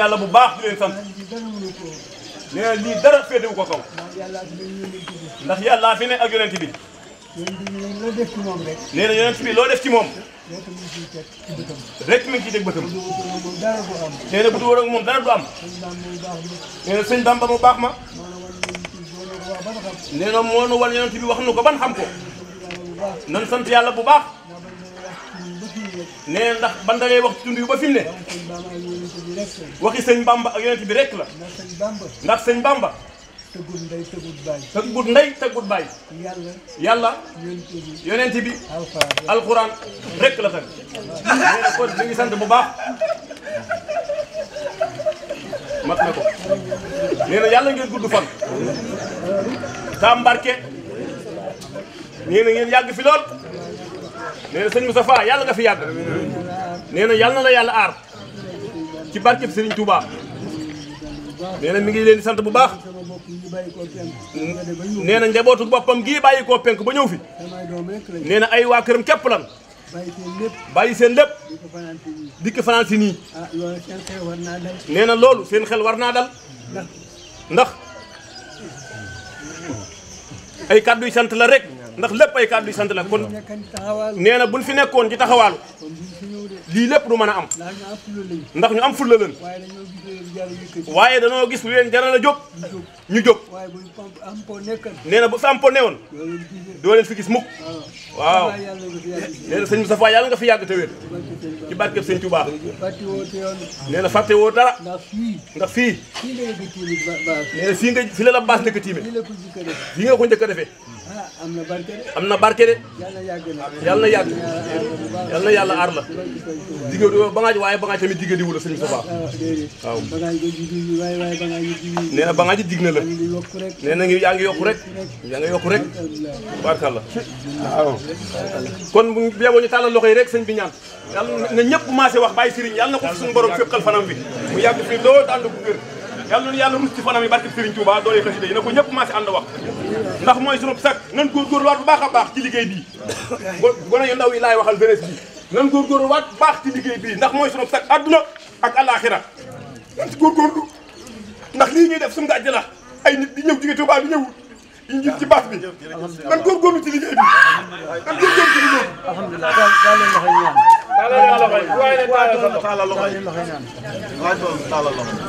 yàlla bu baax di leen sant nee na lii dara féetewu ko kaw ndax yàllaa fi ne ak yonent bi nee na yonent bi loo def ci moom rek mi ngi ciy teg bëtam nee na bu du war ak moom dara du am nee na sëñ Bamba mu baax ma nee na moo nu wal yonent bi wax nu ko ban xam ko nan sant yàlla bu baax nee ndax ban da ngay wax ci tund yu ba fi mu waxi sëñ Bamba ak yonent bi rek la ndax sëñ Bamba tëggut ndey tëggut baay. tëggut ndey tëggut baay. yàlla. yàlla. yonent bi. alxuraan rek la tag sant bu baax. mat na ko. nee na yàlla ngeen gudd fan. ta mbarke. nee na fi lool. nee na sëñ Moustapha yàlla nga fi yàgg nee na yàlla na la yàlla aar ci barkeb Serigne Touba nee na mi ngi leen di sant bu baax nee na njabootu boppam gii bàyyi koo penk ba ñëw fi nee na ay waa këram képp lan bàyyi seen lépp dikk fanaan si nii nee na loolu seen xel war naa dal ndax ay kàddu sant la rek. ndax lépp ay kàddu yu sant la kon nee na buñ fi nekkoon ci taxawaalu lii lépp du man a am ndax ñu am fulla leen waaye dañoo gis lu leen jaral a jóg ñu jóg nee na bu fi am woon newoon doo leen fi gis mukk waaw nee na sëñ Moustapha yàlla nga fi yàgg te wér ci barkeb sëñ Touba nee fàtte woo dara ndax fii nee na fii nga fi la la baas njëkk a tiime ko njëkk defee am na barke de. am na barke de. yàlla na yàgg yàlla na yàlla aar la. digg ba ngaa waaye ba ngaa tamit digg diwu la sëñ Moustapha waaw nee na ba ngaa ji digg na la nee na yaa ngi yokku rek yaa ngi yokku rek barkalla waaw kon bu yeboo ñu tàllal loxo yi rek sëñ bi ñaan yàlla na ñëpp maase wax bàyyi sëriñ yàlla na ko suñu borom fépp xal fanam bi mu yàgg fii loolu ànd bu gër yàlla noonu yàlla mus ci fanam yi barke Serigne Touba doole xasida yi na ko ñëpp maasi ànd wax ndax mooy sunub sag nan góorgóorluwaat bu baax baax ci liggéey bii gone yu ndaw yi laay waxal jeunesse bi nan góorgóorluwaat bu baax ci liggéey bii ndax mooy sunub sag adduna ak alaxira nan si góorgóorlu ndax lii ñuy def sum daj la ay nit di ñëw jóge Touba di ñëw di njiit ci baax bi nan góorgóorlu ci liggéey bi nan góorgóorlu ci liggéey bi alhamdulilah daal leen loxoy ñaan